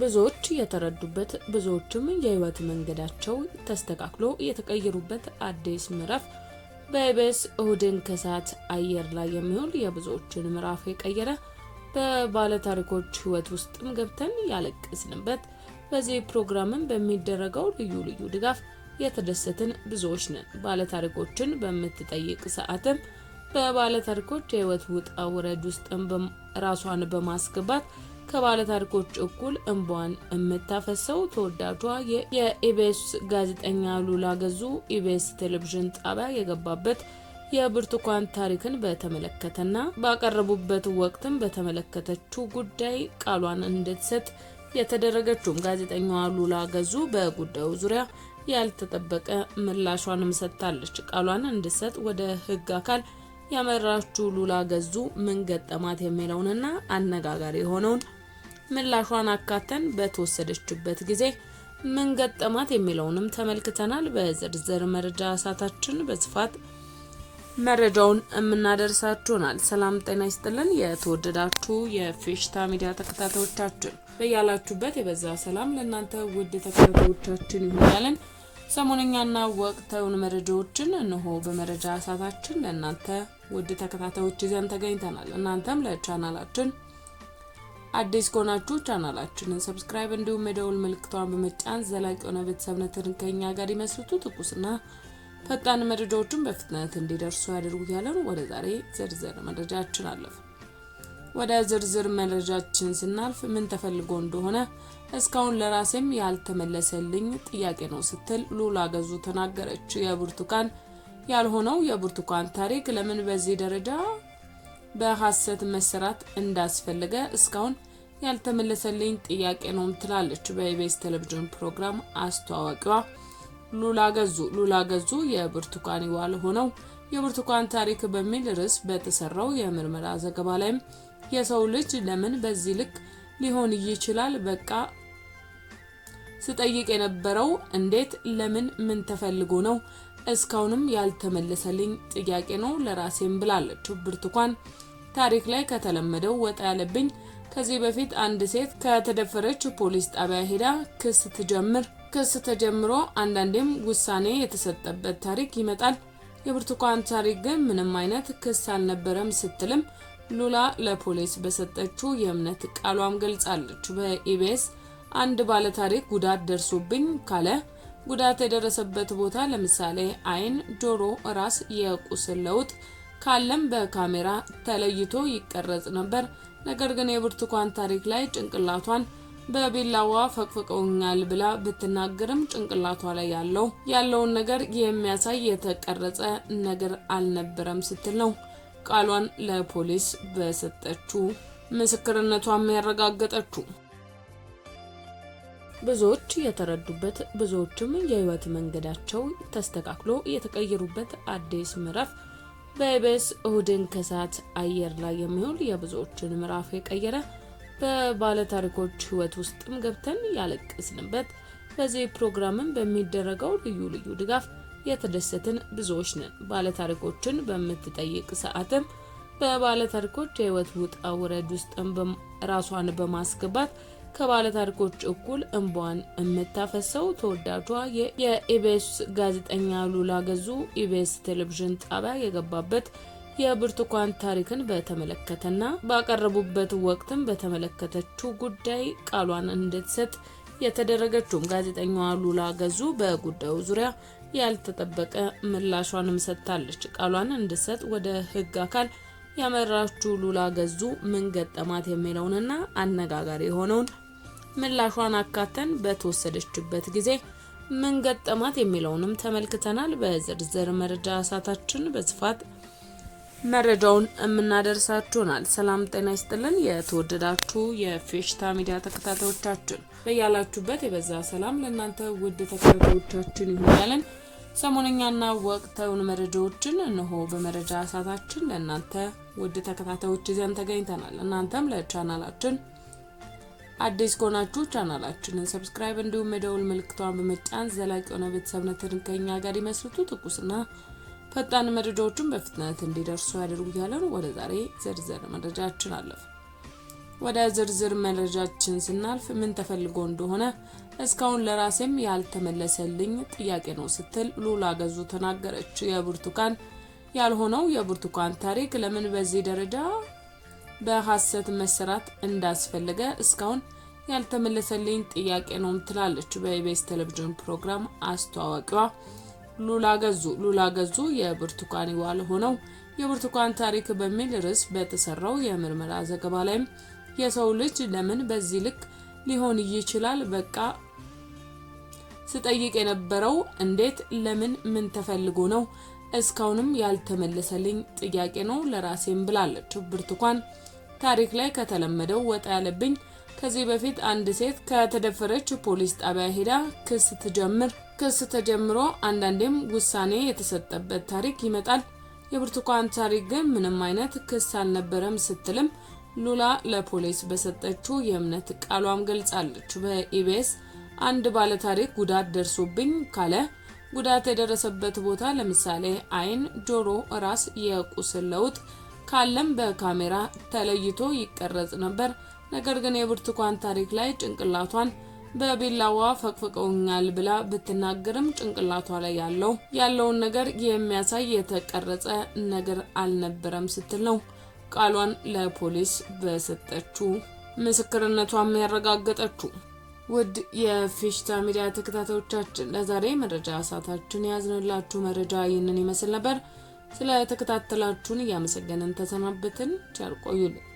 ብዙዎች የተረዱበት ብዙዎችም የህይወት መንገዳቸው ተስተካክሎ የተቀየሩበት አዲስ ምዕራፍ በኢቢኤስ እሁድን ከሰዓት አየር ላይ የሚውል የብዙዎችን ምዕራፍ የቀየረ በባለታሪኮች ህይወት ውስጥም ገብተን ያለቀስንበት በዚህ ፕሮግራምም በሚደረገው ልዩ ልዩ ድጋፍ የተደሰትን ብዙዎች ነን። ባለታሪኮችን በምትጠይቅ ሰዓትም በባለታሪኮች የህይወት ውጣ ውረድ ውስጥም ራሷን በማስገባት ከባለ ታሪኮች እኩል እንቧን የምታፈሰው ተወዳጇ የኢቤስ ጋዜጠኛ ሉላ ገዙ ኢቤስ ቴሌቪዥን ጣቢያ የገባበት የብርቱካን ታሪክን በተመለከተና ባቀረቡበት ወቅትም በተመለከተችው ጉዳይ ቃሏን እንድትሰጥ የተደረገችውም ጋዜጠኛዋ ሉላ ገዙ በጉዳዩ ዙሪያ ያልተጠበቀ ምላሿንም ሰጥታለች። ቃሏን እንድትሰጥ ወደ ሕግ አካል ያመራችው ሉላ ገዙ ምን ገጠማት የሚለውንና አነጋጋሪ የሆነውን ምላሿን አካተን በተወሰደችበት ጊዜ ምን ገጠማት የሚለውንም ተመልክተናል። በዝርዝር መረጃ ሰዓታችን በስፋት መረጃውን የምናደርሳችሁናል። ሰላም ጤና ይስጥልን። የተወደዳችሁ የፌሽታ ሚዲያ ተከታታዮቻችን በያላችሁበት የበዛ ሰላም ለእናንተ ውድ ተከታታዮቻችን ይሆናለን። ያለን ሰሞነኛና ወቅታዊውን መረጃዎችን እነሆ በመረጃ ሰዓታችን ለእናንተ ውድ ተከታታዮች ይዘን ተገኝተናል። እናንተም ለቻናላችን አዲስ ከሆናችሁ ቻናላችንን ሰብስክራይብ እንዲሁም የደውል ምልክቷን በመጫን ዘላቂ የሆነ ቤተሰብነትን ከኛ ጋር ይመስርቱ። ትኩስና ፈጣን መረጃዎችን በፍጥነት እንዲደርሱ ያደርጉ ያለን ወደ ዛሬ ዝርዝር መረጃችን አለፍ። ወደ ዝርዝር መረጃችን ስናልፍ ምን ተፈልጎ እንደሆነ እስካሁን ለራሴም ያልተመለሰልኝ ጥያቄ ነው ስትል ሉላ ገዙ ተናገረች። የብርቱካን ያልሆነው የብርቱካን ታሪክ ለምን በዚህ ደረጃ በሐሰት መሰራት እንዳስፈለገ እስካሁን ያልተመለሰልኝ ጥያቄ ነው ትላለች በኢቢኤስ ቴሌቪዥን ፕሮግራም አስተዋዋቂዋ ሉላ ገዙ። ሉላ ገዙ የብርቱካን ይዋል ሆነው የብርቱካን ታሪክ በሚል ርዕስ በተሰራው የምርመራ ዘገባ ላይም የሰው ልጅ ለምን በዚህ ልክ ሊሆን ይችላል? በቃ ስጠይቅ የነበረው እንዴት፣ ለምን፣ ምን ተፈልጎ ነው እስካሁንም ያልተመለሰልኝ ጥያቄ ነው ለራሴም ብላለች ብርቱካን። ታሪክ ላይ ከተለመደው ወጣ ያለብኝ ከዚህ በፊት አንድ ሴት ከተደፈረች ፖሊስ ጣቢያ ሄዳ ክስ ትጀምር። ክስ ተጀምሮ አንዳንዴም ውሳኔ የተሰጠበት ታሪክ ይመጣል። የብርቱካን ታሪክ ግን ምንም አይነት ክስ አልነበረም ስትልም ሉላ ለፖሊስ በሰጠችው የእምነት ቃሏም ገልጻለች። በኢቢኤስ አንድ ባለታሪክ ጉዳት ደርሶብኝ ካለ ጉዳት የደረሰበት ቦታ ለምሳሌ አይን ጆሮ፣ ራስ የቁስል ለውጥ ካለም በካሜራ ተለይቶ ይቀረጽ ነበር። ነገር ግን የብርቱካን ታሪክ ላይ ጭንቅላቷን በቢላዋ ፈቅፍቀውኛል ብላ ብትናገርም ጭንቅላቷ ላይ ያለው ያለውን ነገር የሚያሳይ የተቀረጸ ነገር አልነበረም ስትል ነው ቃሏን ለፖሊስ በሰጠችው ምስክርነቷም ያረጋገጠችው። ብዙዎች የተረዱበት ብዙዎችም የህይወት መንገዳቸው ተስተካክሎ የተቀየሩበት አዲስ ምዕራፍ በኢቢኤስ እሁድን ከሰዓት አየር ላይ የሚውል የብዙዎችን ምዕራፍ የቀየረ በባለታሪኮች ህይወት ውስጥም ገብተን ያለቀስንበት በዚህ ፕሮግራምን በሚደረገው ልዩ ልዩ ድጋፍ የተደሰትን ብዙዎች ነን። ባለታሪኮችን በምትጠይቅ ሰዓትም በባለታሪኮች የህይወት ውጣ ውረድ ውስጥም ራሷን በማስገባት ከባለታሪኮች እኩል እንቧን የምታፈሰው ተወዳጇ የኢቤስ ጋዜጠኛ ሉላ ገዙ ኢቤስ ቴሌቪዥን ጣቢያ የገባበት የብርቱካን ታሪክን በተመለከተና ባቀረቡበት ወቅትም በተመለከተችው ጉዳይ ቃሏን እንድትሰጥ የተደረገችውም ጋዜጠኛዋ ሉላ ገዙ በጉዳዩ ዙሪያ ያልተጠበቀ ምላሿንም ሰጥታለች። ቃሏን እንድትሰጥ ወደ ሕግ አካል ያመራችው ሉላ ገዙ ምን ገጠማት የሚለውንና አነጋጋሪ የሆነውን ምላሿን አካተን በተወሰደችበት ጊዜ ምን ገጠማት የሚለውንም ተመልክተናል። በዝርዝር መረጃ እሳታችን በስፋት መረጃውን የምናደርሳችሁናል። ሰላም ጤና ይስጥልን። የተወደዳችሁ የፌሽታ ሚዲያ ተከታታዮቻችን በያላችሁበት የበዛ ሰላም ለእናንተ ውድ ተከታታዮቻችን ይሆናለን። ያለን ሰሞነኛና ወቅታዊውን መረጃዎችን እንሆ በመረጃ እሳታችን ለእናንተ ውድ ተከታታዮች ይዘን ተገኝተናል። እናንተም ለቻናላችን አዲስ ከሆናችሁ ቻናላችንን ሰብስክራይብ እንዲሁም የደውል ምልክቷን በመጫን ዘላቂ የሆነ ቤተሰብነትን ከኛ ጋር ይመስርቱ። ትኩስና ፈጣን መረጃዎችን በፍጥነት እንዲደርሱ ያደርጉ እያለን ወደ ዛሬ ዝርዝር መረጃችን አለፍ። ወደ ዝርዝር መረጃችን ስናልፍ ምን ተፈልጎ እንደሆነ እስካሁን ለራሴም ያልተመለሰልኝ ጥያቄ ነው ስትል ሉላ ገዙ ተናገረች። የብርቱካን ያልሆነው የብርቱካን ታሪክ ለምን በዚህ ደረጃ በሐሰት መሰራት እንዳስፈለገ እስካሁን ያልተመለሰልኝ ጥያቄ ነው ትላለች በኢቢኤስ ቴሌቪዥን ፕሮግራም አስተዋዋቂዋ ሉላ ገዙ። ሉላ ገዙ የብርቱካን ያልሆነው የብርቱካን ታሪክ በሚል ርዕስ በተሰራው የምርመራ ዘገባ ላይም የሰው ልጅ ለምን በዚህ ልክ ሊሆን ይችላል? በቃ ስጠይቅ የነበረው እንዴት፣ ለምን፣ ምን ተፈልጎ ነው እስካሁንም ያልተመለሰልኝ ጥያቄ ነው ለራሴም ብላለች ብርቱካን። ታሪክ ላይ ከተለመደው ወጣ ያለብኝ ከዚህ በፊት አንድ ሴት ከተደፈረች ፖሊስ ጣቢያ ሄዳ ክስ ትጀምር ክስ ተጀምሮ አንዳንዴም ውሳኔ የተሰጠበት ታሪክ ይመጣል። የብርቱካን ታሪክ ግን ምንም አይነት ክስ አልነበረም ስትልም ሉላ ለፖሊስ በሰጠችው የእምነት ቃሏም ገልጻለች። በኢቢኤስ አንድ ባለታሪክ ጉዳት ደርሶብኝ ካለ ጉዳት የደረሰበት ቦታ ለምሳሌ አይን ጆሮ፣ ራስ የቁስል ለውጥ ካለም በካሜራ ተለይቶ ይቀረጽ ነበር። ነገር ግን የብርቱካን ታሪክ ላይ ጭንቅላቷን በቢላዋ ፈቅፍቀውኛል ብላ ብትናገርም ጭንቅላቷ ላይ ያለው ያለውን ነገር የሚያሳይ የተቀረጸ ነገር አልነበረም ስትል ነው ቃሏን ለፖሊስ በሰጠችው ምስክርነቷም ያረጋገጠችው። ውድ የፌሽታ ሚዲያ ተከታታዮቻችን ለዛሬ መረጃ ሰዓታችን የያዝንላችሁ መረጃ ይህንን ይመስል ነበር። ስለ ተከታተላችሁን እያመሰገንን ተሰናበትን። ቸር ቆዩልን።